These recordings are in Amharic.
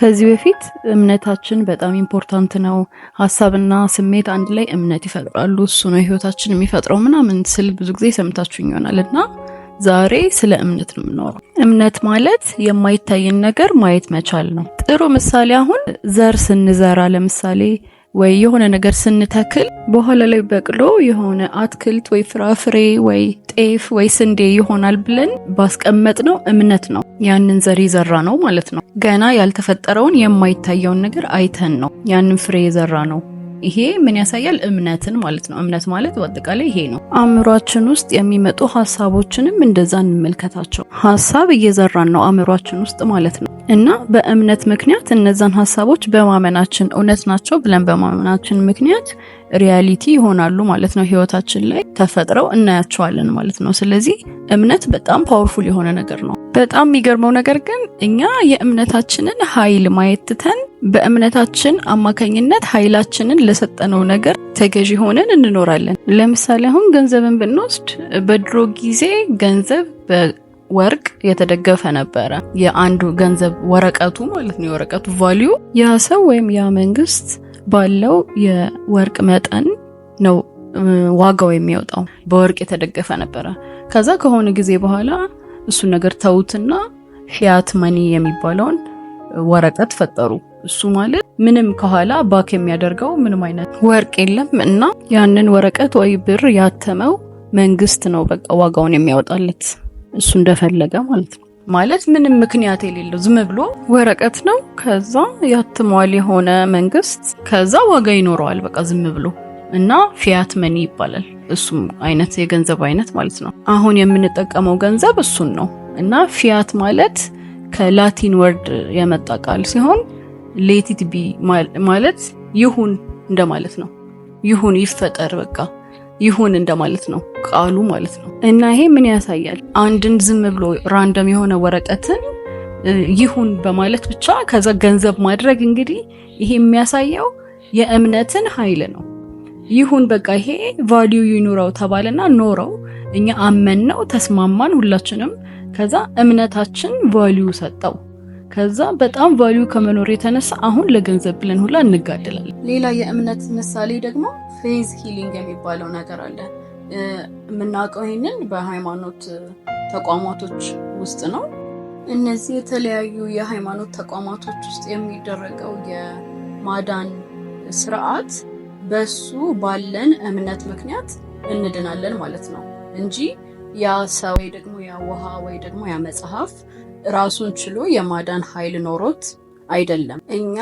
ከዚህ በፊት እምነታችን በጣም ኢምፖርታንት ነው፣ ሀሳብና ስሜት አንድ ላይ እምነት ይፈጥራሉ፣ እሱ ነው ህይወታችን የሚፈጥረው ምናምን ስል ብዙ ጊዜ ሰምታችሁኝ ይሆናል እና ዛሬ ስለ እምነት ነው የምኖረው እምነት ማለት የማይታይን ነገር ማየት መቻል ነው። ጥሩ ምሳሌ አሁን ዘር ስንዘራ ለምሳሌ ወይ የሆነ ነገር ስንተክል በኋላ ላይ በቅሎ የሆነ አትክልት ወይ ፍራፍሬ ወይ ጤፍ ወይ ስንዴ ይሆናል ብለን ባስቀመጥ ነው እምነት ነው። ያንን ዘር የዘራ ነው ማለት ነው። ገና ያልተፈጠረውን የማይታየውን ነገር አይተን ነው ያንን ፍሬ የዘራ ነው። ይሄ ምን ያሳያል? እምነትን ማለት ነው። እምነት ማለት በአጠቃላይ ይሄ ነው። አእምሯችን ውስጥ የሚመጡ ሀሳቦችንም እንደዛ እንመልከታቸው። ሀሳብ እየዘራን ነው አእምሯችን ውስጥ ማለት ነው። እና በእምነት ምክንያት እነዛን ሀሳቦች በማመናችን እውነት ናቸው ብለን በማመናችን ምክንያት ሪያሊቲ ይሆናሉ ማለት ነው። ህይወታችን ላይ ተፈጥረው እናያቸዋለን ማለት ነው። ስለዚህ እምነት በጣም ፓወርፉል የሆነ ነገር ነው። በጣም የሚገርመው ነገር ግን እኛ የእምነታችንን ኃይል ማየት ትተን በእምነታችን አማካኝነት ኃይላችንን ለሰጠነው ነገር ተገዢ ሆነን እንኖራለን። ለምሳሌ አሁን ገንዘብን ብንወስድ በድሮ ጊዜ ገንዘብ ወርቅ የተደገፈ ነበረ። የአንዱ ገንዘብ ወረቀቱ ማለት ነው የወረቀቱ ቫሊዩ ያ ሰው ወይም ያ መንግስት ባለው የወርቅ መጠን ነው ዋጋው የሚወጣው። በወርቅ የተደገፈ ነበረ። ከዛ ከሆነ ጊዜ በኋላ እሱን ነገር ተውትና ፊያት መኒ የሚባለውን ወረቀት ፈጠሩ። እሱ ማለት ምንም ከኋላ ባክ የሚያደርገው ምንም አይነት ወርቅ የለም እና ያንን ወረቀት ወይ ብር ያተመው መንግስት ነው በቃ ዋጋውን የሚያወጣለት እሱ እንደፈለገ ማለት ነው። ማለት ምንም ምክንያት የሌለው ዝም ብሎ ወረቀት ነው። ከዛ ያትሟል የሆነ መንግስት፣ ከዛ ዋጋ ይኖረዋል በቃ ዝም ብሎ እና ፊያት መኒ ይባላል። እሱም አይነት የገንዘብ አይነት ማለት ነው። አሁን የምንጠቀመው ገንዘብ እሱን ነው እና ፊያት ማለት ከላቲን ወርድ የመጣ ቃል ሲሆን ሌቲት ቢ ማለት ይሁን እንደማለት ነው። ይሁን ይፈጠር በቃ ይሁን እንደማለት ነው ቃሉ ማለት ነው። እና ይሄ ምን ያሳያል? አንድን ዝም ብሎ ራንደም የሆነ ወረቀትን ይሁን በማለት ብቻ ከዛ ገንዘብ ማድረግ እንግዲህ ይሄ የሚያሳየው የእምነትን ኃይል ነው። ይሁን በቃ ይሄ ቫሊዩ ይኑረው ተባለና ኖረው እኛ አመን ነው ተስማማን፣ ሁላችንም ከዛ እምነታችን ቫሊዩ ሰጠው። ከዛ በጣም ቫሊዩ ከመኖር የተነሳ አሁን ለገንዘብ ብለን ሁላ እንጋደላለን። ሌላ የእምነት ምሳሌ ደግሞ ፌዝ ሂሊንግ የሚባለው ነገር አለ። የምናውቀው ይህንን በሃይማኖት ተቋማቶች ውስጥ ነው። እነዚህ የተለያዩ የሃይማኖት ተቋማቶች ውስጥ የሚደረገው የማዳን ስርዓት በሱ ባለን እምነት ምክንያት እንድናለን ማለት ነው እንጂ ያ ሰው ወይ ደግሞ ያ ውሃ ወይ ደግሞ ያ መጽሐፍ ራሱን ችሎ የማዳን ኃይል ኖሮት አይደለም። እኛ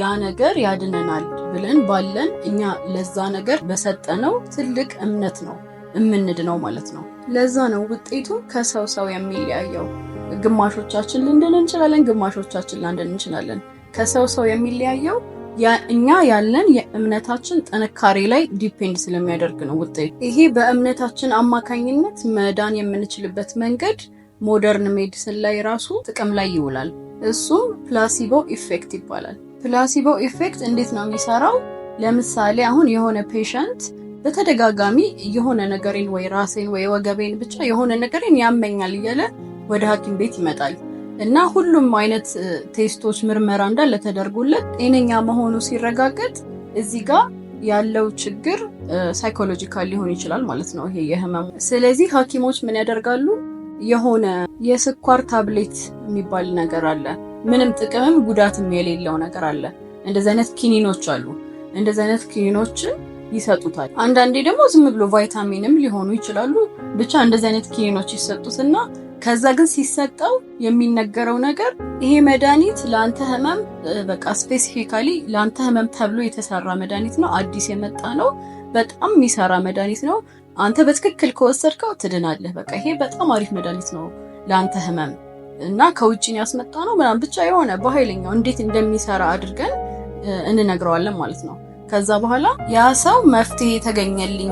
ያ ነገር ያድነናል ብለን ባለን እኛ ለዛ ነገር በሰጠነው ትልቅ እምነት ነው እምንድነው ማለት ነው። ለዛ ነው ውጤቱ ከሰው ሰው የሚለያየው። ግማሾቻችን ልንድን እንችላለን፣ ግማሾቻችን ላንድን እንችላለን። ከሰው ሰው የሚለያየው እኛ ያለን የእምነታችን ጥንካሬ ላይ ዲፔንድ ስለሚያደርግ ነው ውጤቱ። ይሄ በእምነታችን አማካኝነት መዳን የምንችልበት መንገድ ሞደርን ሜዲስን ላይ ራሱ ጥቅም ላይ ይውላል። እሱም ፕላሲቦ ኢፌክት ይባላል። ፕላሲቦ ኢፌክት እንዴት ነው የሚሰራው? ለምሳሌ አሁን የሆነ ፔሸንት በተደጋጋሚ የሆነ ነገሬን ወይ ራሴን ወይ ወገቤን ብቻ የሆነ ነገሬን ያመኛል እያለ ወደ ሐኪም ቤት ይመጣል እና ሁሉም አይነት ቴስቶች ምርመራ እንዳለ ተደርጎለት ጤነኛ መሆኑ ሲረጋገጥ እዚህ ጋር ያለው ችግር ሳይኮሎጂካል ሊሆን ይችላል ማለት ነው ይሄ የህመሙ። ስለዚህ ሐኪሞች ምን ያደርጋሉ? የሆነ የስኳር ታብሌት የሚባል ነገር አለ። ምንም ጥቅምም ጉዳትም የሌለው ነገር አለ። እንደዚህ አይነት ኪኒኖች አሉ። እንደዚህ አይነት ኪኒኖችን ይሰጡታል። አንዳንዴ ደግሞ ዝም ብሎ ቫይታሚንም ሊሆኑ ይችላሉ። ብቻ እንደዚህ አይነት ኪኒኖች ይሰጡትና ከዛ ግን ሲሰጠው የሚነገረው ነገር ይሄ መድኃኒት ለአንተ ህመም በቃ ስፔሲፊካሊ ለአንተ ህመም ተብሎ የተሰራ መድኃኒት ነው፣ አዲስ የመጣ ነው፣ በጣም የሚሰራ መድኃኒት ነው፣ አንተ በትክክል ከወሰድከው ትድናለህ። በቃ ይሄ በጣም አሪፍ መድኃኒት ነው ለአንተ ህመም እና ከውጭን ያስመጣ ነው ምናምን ብቻ የሆነ በኃይለኛው እንዴት እንደሚሰራ አድርገን እንነግረዋለን ማለት ነው። ከዛ በኋላ ያ ሰው መፍትሄ ተገኘልኝ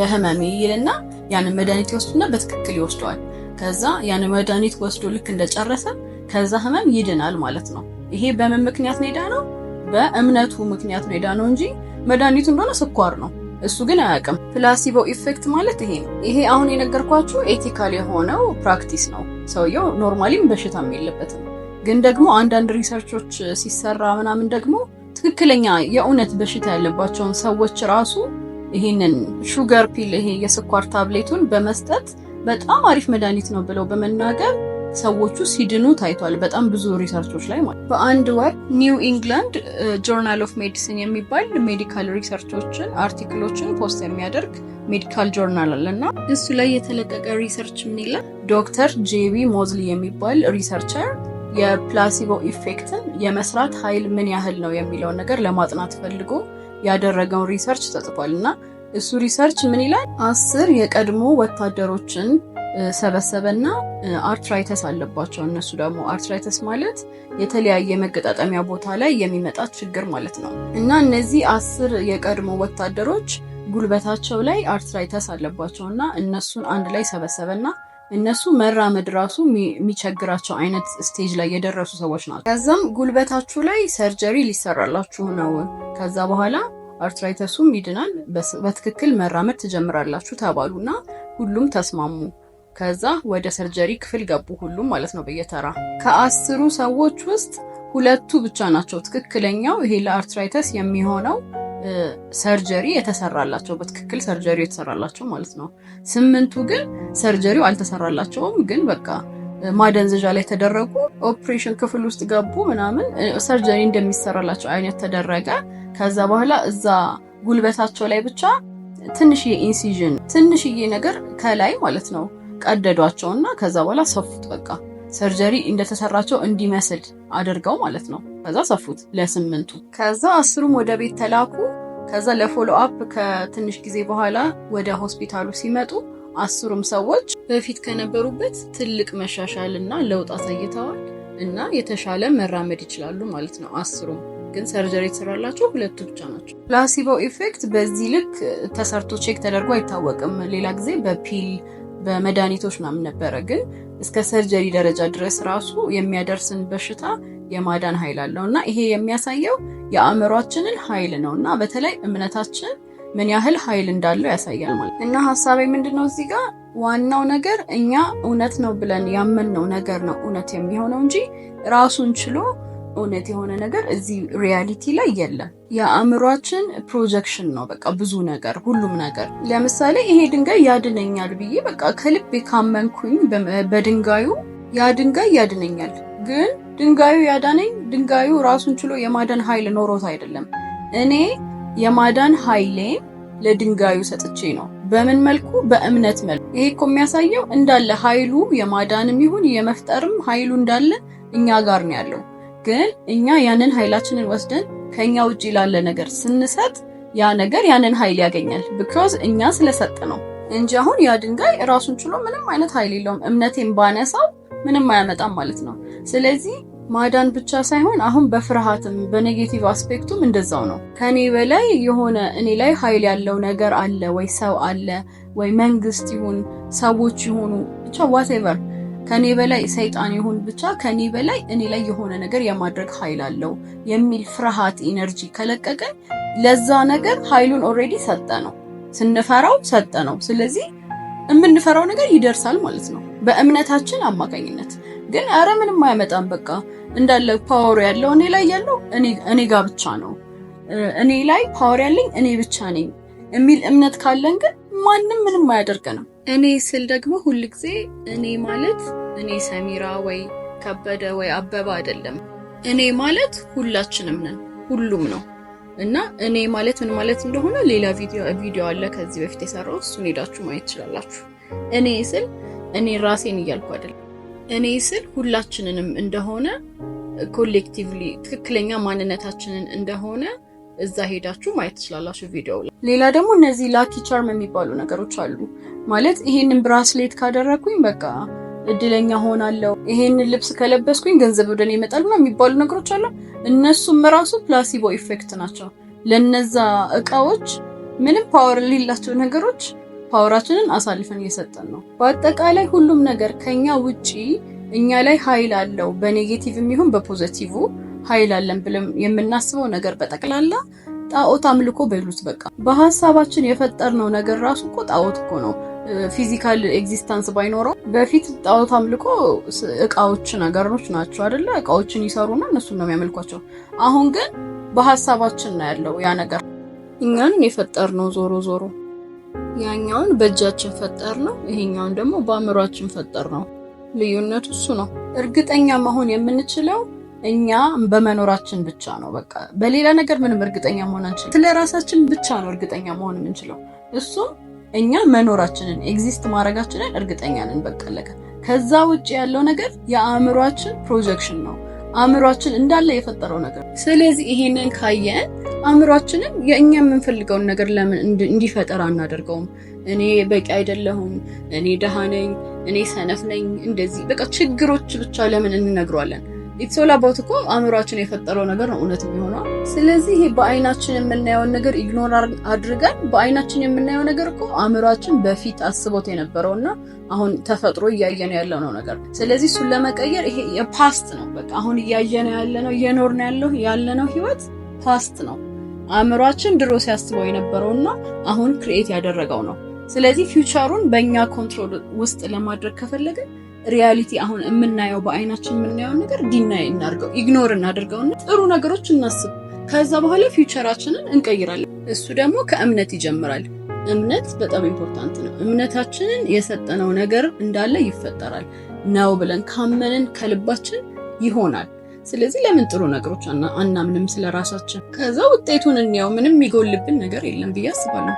ለህመሜ ይልና ያንን መድኃኒት ይወስዱና በትክክል ይወስደዋል። ከዛ ያንን መድኃኒት ወስዶ ልክ እንደጨረሰ ከዛ ህመም ይድናል ማለት ነው። ይሄ በምን ምክንያት ነው የዳነው? በእምነቱ ምክንያት ነው የዳነው እንጂ መድኃኒቱ እንደሆነ ስኳር ነው። እሱ ግን አያውቅም። ፕላሲቦ ኢፌክት ማለት ይሄ ነው። ይሄ አሁን የነገርኳችሁ ኤቲካል የሆነው ፕራክቲስ ነው። ሰውየው ኖርማሊም በሽታም የለበትም። ግን ደግሞ አንዳንድ ሪሰርቾች ሲሰራ ምናምን ደግሞ ትክክለኛ የእውነት በሽታ ያለባቸውን ሰዎች ራሱ ይሄንን ሹገር ፒል ይሄ የስኳር ታብሌቱን በመስጠት በጣም አሪፍ መድኃኒት ነው ብለው በመናገር ሰዎቹ ሲድኑ ታይቷል። በጣም ብዙ ሪሰርቾች ላይ ማለት በአንድ ወር ኒው ኢንግላንድ ጆርናል ኦፍ ሜዲሲን የሚባል ሜዲካል ሪሰርቾችን አርቲክሎችን ፖስት የሚያደርግ ሜዲካል ጆርናል አለ እና እሱ ላይ የተለቀቀ ሪሰርች ምን ይላል? ዶክተር ጄቢ ሞዝሊ የሚባል ሪሰርቸር የፕላሲቦ ኢፌክትን የመስራት ኃይል ምን ያህል ነው የሚለውን ነገር ለማጥናት ፈልጎ ያደረገውን ሪሰርች ተጽፏል እና እሱ ሪሰርች ምን ይላል? አስር የቀድሞ ወታደሮችን ሰበሰበና አርትራይተስ አለባቸው። እነሱ ደግሞ አርትራይተስ ማለት የተለያየ መገጣጠሚያ ቦታ ላይ የሚመጣ ችግር ማለት ነው እና እነዚህ አስር የቀድሞ ወታደሮች ጉልበታቸው ላይ አርትራይተስ አለባቸው እና እነሱን አንድ ላይ ሰበሰበና እነሱ መራመድ ራሱ የሚቸግራቸው አይነት ስቴጅ ላይ የደረሱ ሰዎች ናቸው። ከዛም ጉልበታችሁ ላይ ሰርጀሪ ሊሰራላችሁ ነው፣ ከዛ በኋላ አርትራይተሱም ይድናል፣ በትክክል መራመድ ትጀምራላችሁ ተባሉና ሁሉም ተስማሙ። ከዛ ወደ ሰርጀሪ ክፍል ገቡ ሁሉም ማለት ነው በየተራ። ከአስሩ ሰዎች ውስጥ ሁለቱ ብቻ ናቸው ትክክለኛው ይሄ ለአርትራይተስ የሚሆነው ሰርጀሪ የተሰራላቸው በትክክል ሰርጀሪ የተሰራላቸው ማለት ነው። ስምንቱ ግን ሰርጀሪው አልተሰራላቸውም፣ ግን በቃ ማደንዘዣ ላይ ተደረጉ። ኦፕሬሽን ክፍል ውስጥ ገቡ ምናምን ሰርጀሪ እንደሚሰራላቸው አይነት ተደረገ። ከዛ በኋላ እዛ ጉልበታቸው ላይ ብቻ ትንሽዬ ኢንሲዥን ትንሽዬ ነገር ከላይ ማለት ነው ቀደዷቸውና ከዛ በኋላ ሰፉት። በቃ ሰርጀሪ እንደተሰራቸው እንዲመስል አድርገው ማለት ነው። ከዛ ሰፉት ለስምንቱ። ከዛ አስሩም ወደ ቤት ተላኩ። ከዛ ለፎሎ አፕ ከትንሽ ጊዜ በኋላ ወደ ሆስፒታሉ ሲመጡ አስሩም ሰዎች በፊት ከነበሩበት ትልቅ መሻሻል እና ለውጥ አሳይተዋል እና የተሻለ መራመድ ይችላሉ ማለት ነው። አስሩም ግን ሰርጀሪ የተሰራላቸው ሁለቱ ብቻ ናቸው። ፕላሲቦ ኢፌክት በዚህ ልክ ተሰርቶ ቼክ ተደርጎ አይታወቅም። ሌላ ጊዜ በፒል በመድኃኒቶች ምናምን ነበረ። ግን እስከ ሰርጀሪ ደረጃ ድረስ ራሱ የሚያደርስን በሽታ የማዳን ኃይል አለው እና ይሄ የሚያሳየው የአእምሯችንን ኃይል ነው እና በተለይ እምነታችን ምን ያህል ኃይል እንዳለው ያሳያል ማለት እና ሀሳቤ ምንድን ነው እዚህ ጋር ዋናው ነገር እኛ እውነት ነው ብለን ያመንነው ነገር ነው እውነት የሚሆነው እንጂ ራሱን ችሎ እውነት የሆነ ነገር እዚህ ሪያሊቲ ላይ የለም። የአእምሯችን ፕሮጀክሽን ነው። በቃ ብዙ ነገር፣ ሁሉም ነገር። ለምሳሌ ይሄ ድንጋይ ያድነኛል ብዬ በቃ ከልቤ ካመንኩኝ በድንጋዩ ያ ድንጋይ ያድነኛል። ግን ድንጋዩ ያዳነኝ ድንጋዩ ራሱን ችሎ የማዳን ኃይል ኖሮት አይደለም። እኔ የማዳን ኃይሌን ለድንጋዩ ሰጥቼ ነው። በምን መልኩ? በእምነት መልኩ። ይሄ እኮ የሚያሳየው እንዳለ ኃይሉ የማዳንም ይሁን የመፍጠርም ኃይሉ እንዳለ እኛ ጋር ነው ያለው። ግን እኛ ያንን ኃይላችንን ወስደን ከኛ ውጭ ላለ ነገር ስንሰጥ ያ ነገር ያንን ኃይል ያገኛል። ቢኮዝ እኛ ስለሰጥ ነው እንጂ አሁን ያ ድንጋይ ራሱን ችሎ ምንም አይነት ኃይል የለውም። እምነቴን ባነሳው ምንም አያመጣም ማለት ነው። ስለዚህ ማዳን ብቻ ሳይሆን አሁን በፍርሃትም በኔጌቲቭ አስፔክቱም እንደዛው ነው። ከኔ በላይ የሆነ እኔ ላይ ኃይል ያለው ነገር አለ ወይ ሰው አለ ወይ መንግስት ይሁን ሰዎች ይሁኑ ብቻ ዋቴቨር ከኔ በላይ ሰይጣን ይሁን ብቻ ከኔ በላይ እኔ ላይ የሆነ ነገር የማድረግ ኃይል አለው የሚል ፍርሃት ኢነርጂ ከለቀቀን ለዛ ነገር ኃይሉን ኦልሬዲ ሰጠ ነው፣ ስንፈራው ሰጠ ነው። ስለዚህ የምንፈራው ነገር ይደርሳል ማለት ነው በእምነታችን አማካኝነት። ግን አረ ምንም አያመጣም በቃ እንዳለ ፓወር ያለው እኔ ላይ ያለው እኔ ጋር ብቻ ነው፣ እኔ ላይ ፓወር ያለኝ እኔ ብቻ ነኝ የሚል እምነት ካለን ግን ማንም ምንም አያደርገንም። እኔ ስል ደግሞ ሁልጊዜ እኔ ማለት እኔ ሰሚራ ወይ ከበደ ወይ አበባ አይደለም። እኔ ማለት ሁላችንም ነን፣ ሁሉም ነው። እና እኔ ማለት ምን ማለት እንደሆነ ሌላ ቪዲዮ አለ ከዚህ በፊት የሰራው እሱን ሄዳችሁ ማየት ትችላላችሁ። እኔ ስል እኔ ራሴን እያልኩ አይደለም። እኔ ስል ሁላችንንም እንደሆነ ኮሌክቲቭሊ ትክክለኛ ማንነታችንን እንደሆነ እዛ ሄዳችሁ ማየት ትችላላችሁ ቪዲዮው ላይ። ሌላ ደግሞ እነዚህ ላኪ ቻርም የሚባሉ ነገሮች አሉ። ማለት ይሄንን ብራስሌት ካደረግኩኝ በቃ እድለኛ ሆናለሁ፣ ይሄንን ልብስ ከለበስኩኝ ገንዘብ ወደ እኔ ይመጣል የሚባሉ ነገሮች አሉ። እነሱም ራሱ ፕላሲቦ ኢፌክት ናቸው። ለነዛ እቃዎች ምንም ፓወር ሌላቸው ነገሮች ፓወራችንን አሳልፈን እየሰጠን ነው። በአጠቃላይ ሁሉም ነገር ከኛ ውጪ እኛ ላይ ኃይል አለው። በኔጌቲቭ የሚሆን በፖዘቲቭ ኃይል አለን ብለን የምናስበው ነገር በጠቅላላ ጣዖት አምልኮ በይሉት በቃ በሀሳባችን የፈጠርነው ነገር ራሱ እኮ ጣዖት እኮ ነው። ፊዚካል ኤግዚስተንስ ባይኖረው በፊት ጣዖት አምልኮ እቃዎች፣ ነገሮች ናቸው አደለ? እቃዎችን ይሰሩና እነሱን ነው የሚያመልኳቸው። አሁን ግን በሀሳባችን ነው ያለው ያ ነገር። እኛን የፈጠር ነው ዞሮ ዞሮ ያኛውን በእጃችን ፈጠር ነው፣ ይሄኛውን ደግሞ በአእምሯችን ፈጠር ነው። ልዩነቱ እሱ ነው። እርግጠኛ መሆን የምንችለው እኛ በመኖራችን ብቻ ነው። በቃ በሌላ ነገር ምንም እርግጠኛ መሆን አንችልም። ስለ ራሳችን ብቻ ነው እርግጠኛ መሆን የምንችለው እሱም እኛ መኖራችንን ኤግዚስት ማድረጋችንን እርግጠኛ ነን። በቃ ከዛ ውጭ ያለው ነገር የአእምሯችን ፕሮጀክሽን ነው። አእምሯችን እንዳለ የፈጠረው ነገር። ስለዚህ ይሄንን ካየን አእምሯችንን የእኛ የምንፈልገውን ነገር ለምን እንዲፈጠር አናደርገውም? እኔ በቂ አይደለሁም፣ እኔ ደሃ ነኝ፣ እኔ ሰነፍ ነኝ፣ እንደዚህ በቃ ችግሮች ብቻ ለምን እንነግሯለን ኢትሶላ ባት እኮ አእምሯችን የፈጠረው ነገር ነው እውነት የሚሆነው ስለዚህ በአይናችን የምናየውን ነገር ኢግኖር አድርገን በአይናችን የምናየው ነገር እኮ አእምሯችን በፊት አስቦት የነበረው እና አሁን ተፈጥሮ እያየነው ያለነው ነገር ስለዚህ እሱን ለመቀየር ይሄ የፓስት ነው። በቃ አሁን እያየነው ያለነው እየኖርን ያለው ያለነው ህይወት ፓስት ነው። አእምሯችን ድሮ ሲያስበው የነበረው እና አሁን ክሪኤት ያደረገው ነው። ስለዚህ ፊውቸሩን በእኛ ኮንትሮል ውስጥ ለማድረግ ከፈለግን ሪያሊቲ አሁን የምናየው በአይናችን የምናየውን ነገር ዲናይ እናድርገው፣ ኢግኖር እናድርገውና ጥሩ ነገሮች እናስብ። ከዛ በኋላ ፊውቸራችንን እንቀይራለን። እሱ ደግሞ ከእምነት ይጀምራል። እምነት በጣም ኢምፖርታንት ነው። እምነታችንን የሰጠነው ነገር እንዳለ ይፈጠራል ነው ብለን ካመንን ከልባችን ይሆናል። ስለዚህ ለምን ጥሩ ነገሮች አናምንም ስለ ራሳችን? ከዛ ውጤቱን እንየው። ምንም የሚጎልብን ነገር የለም ብዬ አስባለሁ።